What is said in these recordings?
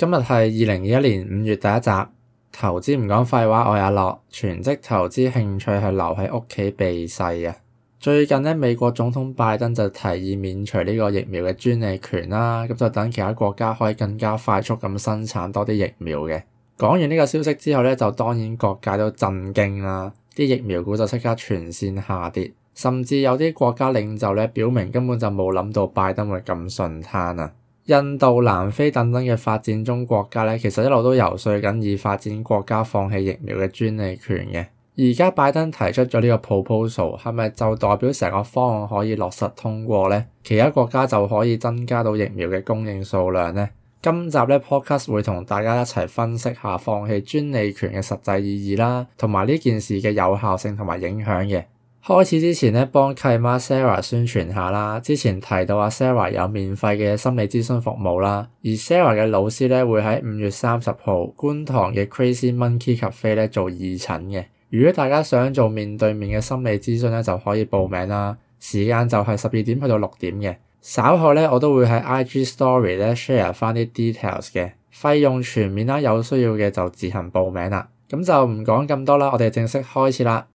今日係二零二一年五月第一集，投資唔講廢話，我阿樂全職投資興趣係留喺屋企避世啊！最近呢，美國總統拜登就提議免除呢個疫苗嘅專利權啦，咁就等其他國家可以更加快速咁生產多啲疫苗嘅。講完呢個消息之後呢，就當然各界都震驚啦，啲疫苗股就即刻全線下跌，甚至有啲國家領袖呢，表明根本就冇諗到拜登會咁順攤啊！印度、南非等等嘅發展中國家咧，其實一路都遊說緊，已發展國家放棄疫苗嘅專利權嘅。而家拜登提出咗呢個 proposal，係咪就代表成個方案可以落實通過咧？其他國家就可以增加到疫苗嘅供應數量咧？今集咧 podcast 會同大家一齊分析下放棄專利權嘅實際意義啦，同埋呢件事嘅有效性同埋影響嘅。開始之前咧，幫契媽 Sarah 宣傳下啦。之前提到阿 Sarah 有免費嘅心理諮詢服務啦，而 Sarah 嘅老師咧會喺五月三十號觀塘嘅 Crazy Monkey c 咖啡咧做二診嘅。如果大家想做面對面嘅心理諮詢咧，就可以報名啦。時間就係十二點去到六點嘅。稍後咧我都會喺 I G Story 咧 share 翻啲 details 嘅，費用全面啦。有需要嘅就自行報名啦。咁就唔講咁多啦，我哋正式開始啦。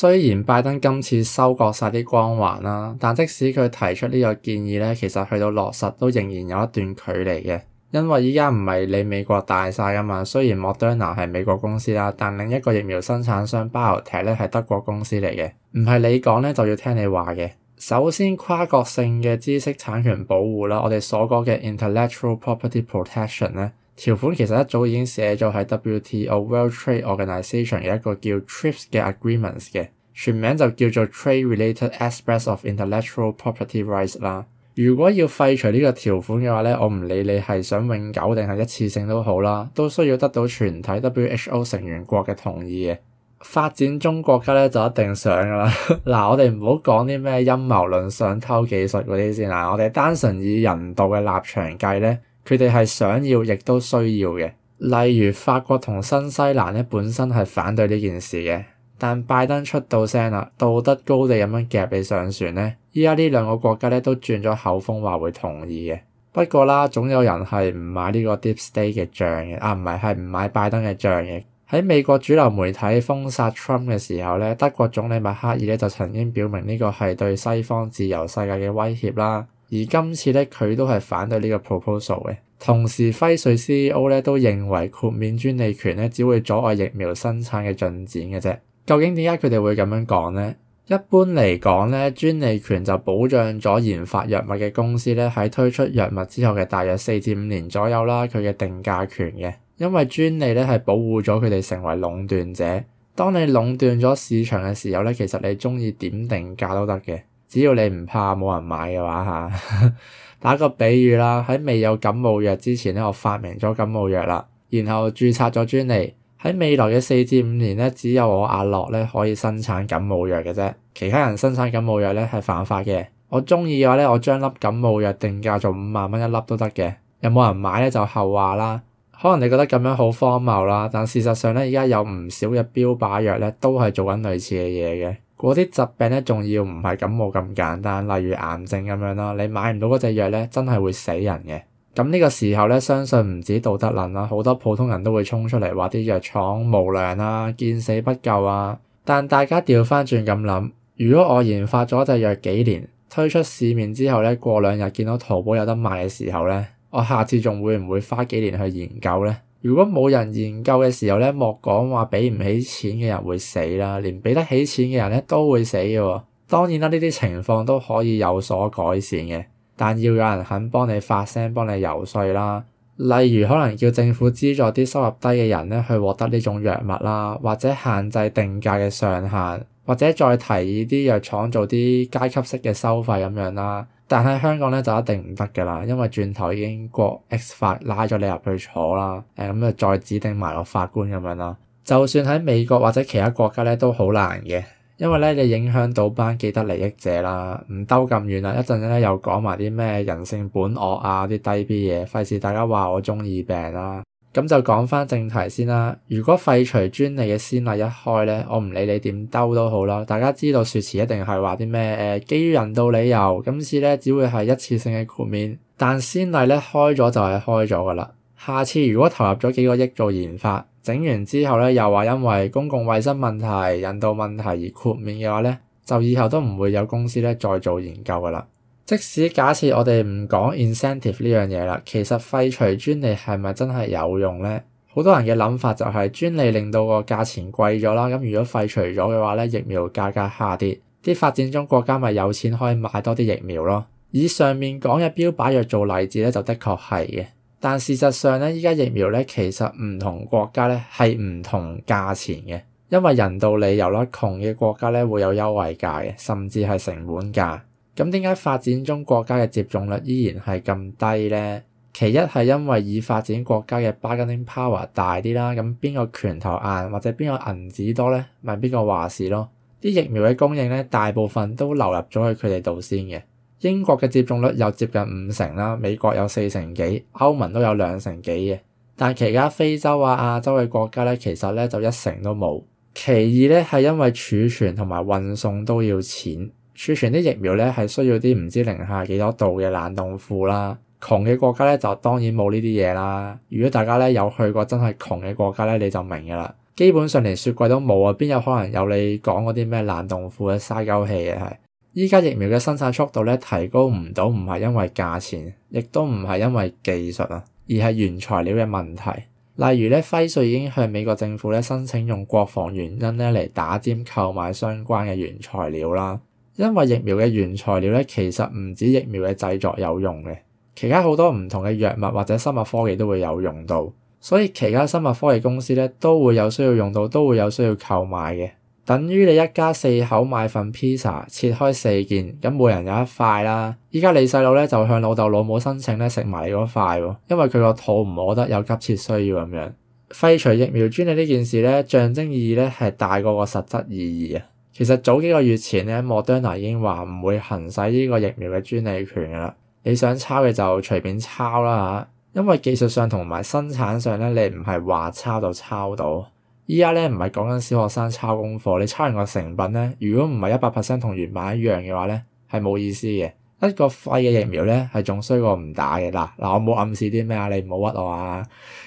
雖然拜登今次收割晒啲光環啦，但即使佢提出呢個建議咧，其實去到落實都仍然有一段距離嘅，因為而家唔係你美國大晒㗎嘛。雖然莫德納係美國公司啦，但另一個疫苗生產商 BioNTech 咧係德國公司嚟嘅，唔係你講咧就要聽你話嘅。首先，跨國性嘅知識產權保護啦，我哋所講嘅 intellectual property protection 咧。條款其實一早已經寫咗喺 WTO World Trade，Organization 有一個叫 TRIPS 嘅 Agreements，嘅全名就叫做 Trade Related Aspects of Intellectual Property Rights 啦。如果要廢除呢個條款嘅話咧，我唔理你係想永久定係一次性都好啦，都需要得到全體 WHO 成員國嘅同意嘅。發展中國家咧就一定想㗎啦。嗱，我哋唔好講啲咩陰謀論想偷技術嗰啲先啦，我哋單純以人道嘅立場計咧。佢哋係想要，亦都需要嘅。例如法國同新西蘭咧，本身係反對呢件事嘅，但拜登出到聲啦，道德高地咁樣夾你上船咧，而家呢兩個國家咧都轉咗口風，話會同意嘅。不過啦，總有人係唔買呢個 Deep State 嘅賬嘅，啊唔係係唔買拜登嘅賬嘅。喺美國主流媒體封殺 Trump 嘅時候咧，德國總理默克爾咧就曾經表明呢個係對西方自由世界嘅威脅啦。而今次咧，佢都係反對呢個 proposal 嘅。同時，輝瑞 CEO 咧都認為豁免專利權咧，只會阻礙疫苗生產嘅進展嘅啫。究竟點解佢哋會咁樣講咧？一般嚟講咧，專利權就保障咗研發藥物嘅公司咧，喺推出藥物之後嘅大約四至五年左右啦，佢嘅定價權嘅。因為專利咧係保護咗佢哋成為壟斷者。當你壟斷咗市場嘅時候咧，其實你鍾意點定價都得嘅。只要你唔怕冇人買嘅話嚇， 打個比喻啦，喺未有感冒藥之前咧，我發明咗感冒藥啦，然後註冊咗專利，喺未來嘅四至五年咧，只有我阿樂咧可以生產感冒藥嘅啫，其他人生產感冒藥咧係犯法嘅。我中意嘅話咧，我將粒感冒藥定價做五萬蚊一粒都得嘅，有冇人買咧就後話啦。可能你覺得咁樣好荒謬啦，但事實上咧，而家有唔少嘅標靶藥咧，都係做緊類似嘅嘢嘅。嗰啲疾病咧，仲要唔係感冒咁簡單，例如癌症咁樣啦。你買唔到嗰隻藥咧，真係會死人嘅。咁呢個時候咧，相信唔止道德倫啦，好多普通人都會衝出嚟話啲藥廠無良啊，見死不救啊。但大家調翻轉咁諗，如果我研發咗隻藥幾年，推出市面之後咧，過兩日見到淘寶有得賣嘅時候咧，我下次仲會唔會花幾年去研究咧？如果冇人研究嘅時候咧，莫講話俾唔起錢嘅人會死啦，連俾得起錢嘅人咧都會死嘅。當然啦，呢啲情況都可以有所改善嘅，但要有人肯幫你發聲、幫你游說啦。例如可能叫政府資助啲收入低嘅人咧去獲得呢種藥物啦，或者限制定價嘅上限，或者再提議啲藥廠做啲階級式嘅收費咁樣啦。但喺香港咧就一定唔得噶啦，因為轉頭已經國 X 法拉咗你入去坐啦，誒，咁就再指定埋個法官咁樣啦。就算喺美國或者其他國家咧都好難嘅，因為咧你影響到班既得利益者啦，唔兜咁遠啦，一陣間咧又講埋啲咩人性本惡啊啲低 B 嘢，費事大家話我中二病啦、啊。咁就講翻正題先啦。如果廢除專利嘅先例一開咧，我唔理你點兜都好啦。大家知道説辭一定係話啲咩？誒、呃，基於人道理由，今次咧只會係一次性嘅豁免。但先例咧開咗就係開咗㗎啦。下次如果投入咗幾個億做研發，整完之後咧又話因為公共衛生問題、人道問題而豁免嘅話咧，就以後都唔會有公司咧再做研究㗎啦。即使假設我哋唔講 incentive 呢樣嘢啦，其實廢除專利係咪真係有用呢？好多人嘅諗法就係專利令到個價錢貴咗啦。咁如果廢除咗嘅話呢，疫苗價格下跌，啲發展中國家咪有錢可以買多啲疫苗咯。以上面講嘅標靶藥做例子呢，就的確係嘅。但事實上呢，依家疫苗呢，其實唔同國家呢係唔同價錢嘅，因為人道理由啦，窮嘅國家呢會有優惠價嘅，甚至係成本價。咁點解發展中國家嘅接種率依然係咁低咧？其一係因為已發展國家嘅 bargaining power 大啲啦，咁邊個拳頭硬或者邊個銀紙多咧，咪邊個話事咯？啲疫苗嘅供應咧，大部分都流入咗去佢哋度先嘅。英國嘅接種率有接近五成啦，美國有四成幾，歐盟都有兩成幾嘅。但其他非洲啊、亞洲嘅國家咧，其實咧就一成都冇。其二咧係因為儲存同埋運送都要錢。儲存啲疫苗咧係需要啲唔知零下幾多度嘅冷凍庫啦。窮嘅國家咧就當然冇呢啲嘢啦。如果大家咧有去過真係窮嘅國家咧，你就明嘅啦。基本上連雪櫃都冇啊，邊有可能有你講嗰啲咩冷凍庫嘅嘥鳩氣嘅係？依家疫苗嘅生產速度咧提高唔到，唔係因為價錢，亦都唔係因為技術啊，而係原材料嘅問題。例如咧，輝瑞已經向美國政府咧申請用國防原因咧嚟打尖購買相關嘅原材料啦。因為疫苗嘅原材料咧，其實唔止疫苗嘅製作有用嘅，其他好多唔同嘅藥物或者生物科技都會有用到，所以其他生物科技公司咧都會有需要用到，都會有需要購買嘅。等於你一家四口買份披薩，切開四件，咁每人有一塊啦。依家你細佬咧就向老豆老母申請咧食埋你嗰塊喎，因為佢個肚唔餓得，有急切需要咁樣。廢除疫苗專利呢件事咧，象徵意義咧係大過個實質意義啊！其實早幾個月前咧，莫德納已經話唔會行使呢個疫苗嘅專利權㗎啦。你想抄嘅就隨便抄啦嚇，因為技術上同埋生產上咧，你唔係話抄就抄到。依家咧唔係講緊小學生抄功課，你抄完個成品咧，如果唔係一百 percent 同原版一樣嘅話咧，係冇意思嘅。一個廢嘅疫苗咧，係仲衰過唔打嘅嗱嗱。我冇暗示啲咩啊，你唔好屈我啊。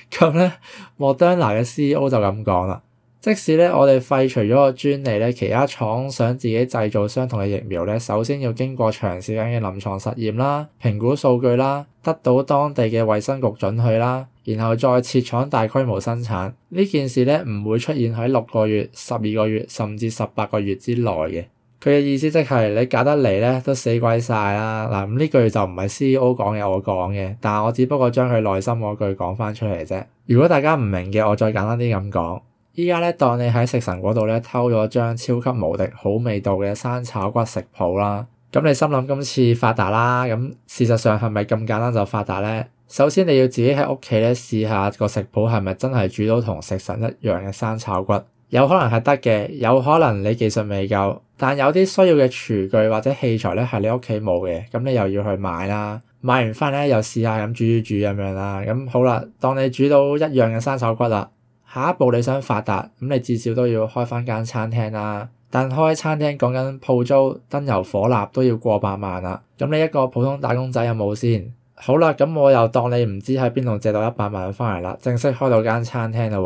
咁咧，莫德納嘅 CEO 就咁講啦。即使咧，我哋廢除咗個專利咧，其他廠想自己製造相同嘅疫苗咧，首先要經過長時間嘅臨床實驗啦，評估數據啦，得到當地嘅衛生局準許啦，然後再設廠大規模生產。呢件事咧，唔會出現喺六個月、十二個月甚至十八個月之內嘅。佢嘅意思即係你搞得嚟咧都死鬼晒啦嗱。咁呢句就唔係 CEO 講嘅，我講嘅，但係我只不過將佢內心嗰句講翻出嚟啫。如果大家唔明嘅，我再簡單啲咁講。依家咧，當你喺食神嗰度咧偷咗張超級無敵好味道嘅生炒骨食譜啦，咁你心諗今次發達啦，咁事實上係咪咁簡單就發達呢？首先你要自己喺屋企咧試下個食譜係咪真係煮到同食神一樣嘅生炒骨，有可能係得嘅，有可能你技術未夠，但有啲需要嘅廚具或者器材咧係你屋企冇嘅，咁你又要去買啦，買完返咧又試下咁煮煮煮咁樣啦，咁好啦，當你煮到一樣嘅生炒骨啦。下一步你想發達，咁你至少都要開翻間餐廳啦。但開餐廳講緊鋪租、燈油火蠟都要過百萬啦。咁你一個普通打工仔有冇先？好啦，咁我又當你唔知喺邊度借到一百萬翻嚟啦，正式開到間餐廳啦。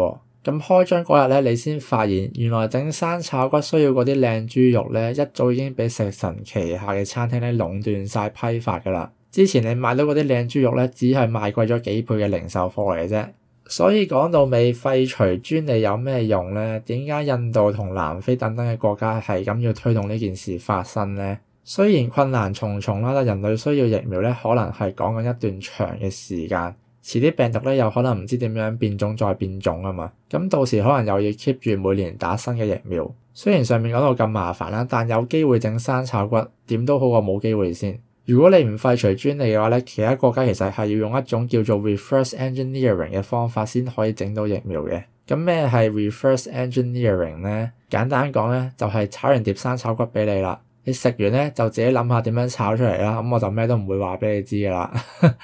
咁開張嗰日咧，你先發現原來整生炒骨需要嗰啲靚豬肉咧，一早已經俾食神旗下嘅餐廳咧壟斷晒批發㗎啦。之前你買到嗰啲靚豬肉咧，只係賣貴咗幾倍嘅零售貨嚟嘅啫。所以講到尾廢除專利有咩用咧？點解印度同南非等等嘅國家係咁要推動呢件事發生咧？雖然困難重重啦，但人類需要疫苗咧，可能係講緊一段長嘅時間。遲啲病毒咧又可能唔知點樣變種再變種啊嘛，咁到時可能又要 keep 住每年打新嘅疫苗。雖然上面講到咁麻煩啦，但有機會整生炒骨，點都好過冇機會先。如果你唔廢除專利嘅話咧，其他國家其實係要用一種叫做 reverse engineering 嘅方法先可以整到疫苗嘅。咁咩係 reverse engineering 咧？簡單講咧，就係炒完碟生炒骨俾你啦。你食完咧就自己諗下點樣炒出嚟啦。咁我就咩都唔會話俾你知噶啦。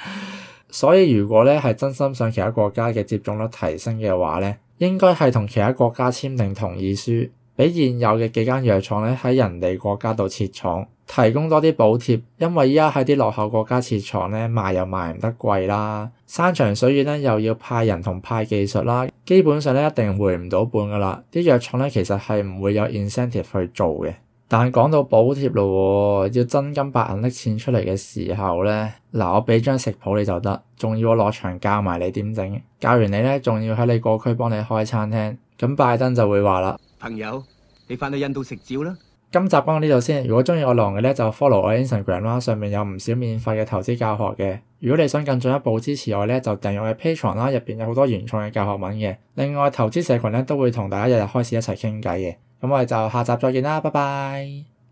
所以如果咧係真心想其他國家嘅接種率提升嘅話咧，應該係同其他國家簽訂同意書，俾現有嘅幾間藥廠咧喺人哋國家度設廠。提供多啲補貼，因為依家喺啲落後國家設廠咧，賣又賣唔得貴啦，山長水遠咧又要派人同派技術啦，基本上咧一定回唔到本噶啦。啲藥廠咧其實係唔會有 incentive 去做嘅。但講到補貼咯，要真金白銀拎錢出嚟嘅時候咧，嗱我俾張食譜你就得，仲要我落場教埋你點整，教完你咧仲要喺你個區幫你開餐廳，咁拜登就會話啦：朋友，你翻去印度食蕉啦。今集講到呢度先。如果鍾意我浪嘅咧，就 follow 我 Instagram 啦，上面有唔少免費嘅投資教學嘅。如果你想更進一步支持我咧，就訂閱我嘅 Patreon 啦，入邊有好多原創嘅教學文嘅。另外投資社群咧都會同大家日日開始一齊傾偈嘅。咁我哋就下集再見啦，拜拜。